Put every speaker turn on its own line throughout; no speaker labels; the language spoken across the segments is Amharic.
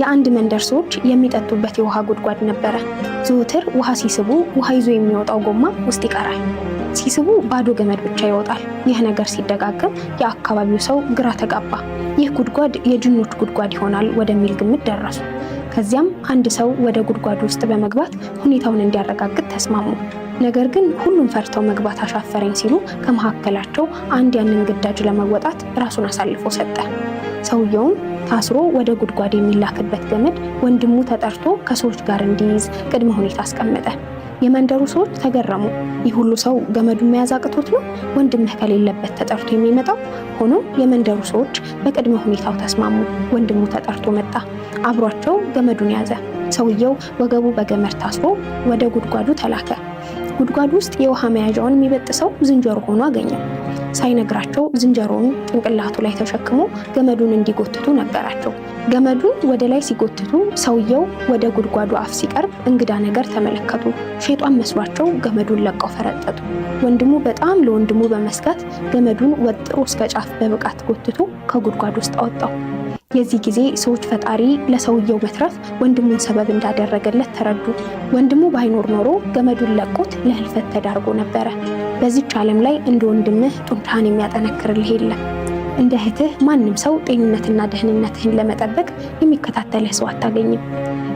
የአንድ መንደር ሰዎች የሚጠጡበት የውሃ ጉድጓድ ነበረ። ዘወትር ውሃ ሲስቡ ውሃ ይዞ የሚወጣው ጎማ ውስጥ ይቀራል። ሲስቡ ባዶ ገመድ ብቻ ይወጣል። ይህ ነገር ሲደጋገም የአካባቢው ሰው ግራ ተጋባ። ይህ ጉድጓድ የጅኖች ጉድጓድ ይሆናል ወደሚል ግምት ደረሱ። ከዚያም አንድ ሰው ወደ ጉድጓዱ ውስጥ በመግባት ሁኔታውን እንዲያረጋግጥ ተስማሙ። ነገር ግን ሁሉም ፈርተው መግባት አሻፈረኝ ሲሉ ከመካከላቸው አንድ ያንን ግዳጅ ለመወጣት ራሱን አሳልፎ ሰጠ። ሰውየውም ታስሮ ወደ ጉድጓድ የሚላክበት ገመድ ወንድሙ ተጠርቶ ከሰዎች ጋር እንዲይዝ ቅድመ ሁኔታ አስቀመጠ። የመንደሩ ሰዎች ተገረሙ። ይህ ሁሉ ሰው ገመዱን መያዝ አቅቶት ነው ወንድምህ ከሌለበት ተጠርቶ የሚመጣው? ሆኖም የመንደሩ ሰዎች በቅድመ ሁኔታው ተስማሙ። ወንድሙ ተጠርቶ መጣ። አብሯቸው ገመዱን ያዘ። ሰውየው ወገቡ በገመድ ታስሮ ወደ ጉድጓዱ ተላከ። ጉድጓድ ውስጥ የውሃ መያዣውን የሚበጥሰው ዝንጀሮ ሆኖ አገኘው። ሳይነግራቸው ዝንጀሮውን ጭንቅላቱ ላይ ተሸክሞ ገመዱን እንዲጎትቱ ነገራቸው። ገመዱን ወደ ላይ ሲጎትቱ ሰውየው ወደ ጉድጓዱ አፍ ሲቀርብ እንግዳ ነገር ተመለከቱ። ሼጧን መስሏቸው ገመዱን ለቀው ፈረጠጡ። ወንድሙ በጣም ለወንድሙ በመስጋት ገመዱን ወጥሮ እስከ ጫፍ በብቃት ጎትቶ ከጉድጓድ ውስጥ አወጣው። የዚህ ጊዜ ሰዎች ፈጣሪ ለሰውየው መትረፍ ወንድሙን ሰበብ እንዳደረገለት ተረዱ። ወንድሙ ባይኖር ኖሮ ገመዱን ለቆት ለህልፈት ተዳርጎ ነበረ። በዚች ዓለም ላይ እንደ ወንድምህ ጡንቻህን የሚያጠነክርልህ የለም። እንደ እህትህ ማንም ሰው ጤንነትና ደህንነትህን ለመጠበቅ የሚከታተልህ ሰው አታገኝም።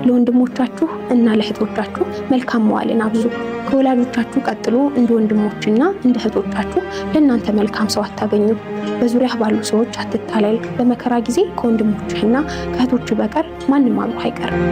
ለወንድሞቻችሁ እና ለእህቶቻችሁ መልካም መዋልን አብዙ። ከወላጆቻችሁ ቀጥሎ እንደ ወንድሞችና እንደ እህቶቻችሁ ለእናንተ መልካም ሰው አታገኙ። በዙሪያ ባሉ ሰዎች አትታለል። በመከራ ጊዜ ከወንድሞችህና ከእህቶች በቀር ማንም አብሮህ አይቀርም።